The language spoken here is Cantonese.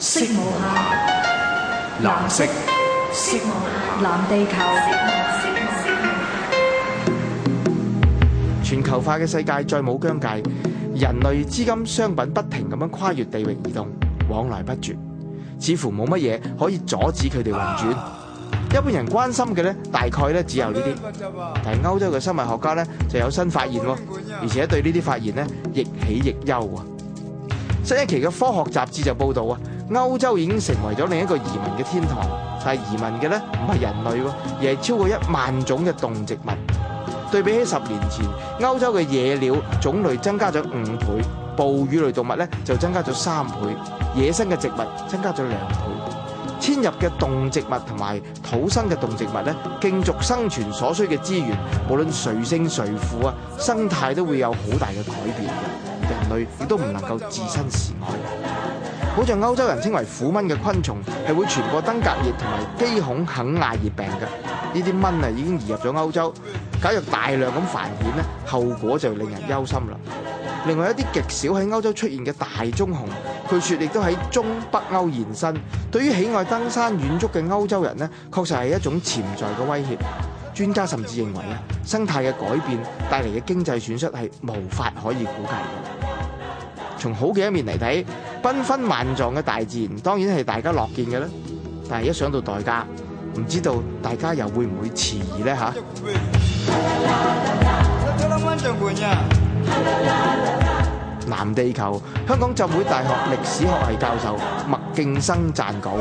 色無暇，藍色，藍地球。全球化嘅世界再冇疆界，人類資金、商品不停咁樣跨越地域移動，往來不絕，似乎冇乜嘢可以阻止佢哋運轉。啊、一般人關心嘅咧，大概咧只有呢啲。但係歐洲嘅生物學家咧就有新發現，而且對呢啲發現呢，亦喜亦憂啊！新一期嘅科學雜誌就報道啊。歐洲已經成為咗另一個移民嘅天堂，但係移民嘅咧唔係人類，而係超過一萬種嘅動植物。對比起十年前，歐洲嘅野鳥種類增加咗五倍，哺乳類動物咧就增加咗三倍，野生嘅植物增加咗兩倍。遷入嘅動植物同埋土生嘅動植物咧，競逐生存所需嘅資源，無論誰勝誰負啊，生態都會有好大嘅改變嘅，人類亦都唔能夠置身事外。好像歐洲人稱為虎蚊嘅昆蟲係會傳播登革熱同埋基孔肯亞熱病嘅，呢啲蚊啊已經移入咗歐洲。假如大量咁繁衍咧，後果就令人憂心啦。另外一啲極少喺歐洲出現嘅大棕熊，據説亦都喺中北歐延伸。對於喜愛登山遠足嘅歐洲人咧，確實係一種潛在嘅威脅。專家甚至認為咧，生態嘅改變帶嚟嘅經濟損失係無法可以估計。從好嘅一面嚟睇，繽紛萬狀嘅大自然當然係大家樂見嘅啦。但係一想到代價，唔知道大家又會唔會遲疑呢嚇？藍地球香港浸會大學歷史學系教授麥勁生撰稿。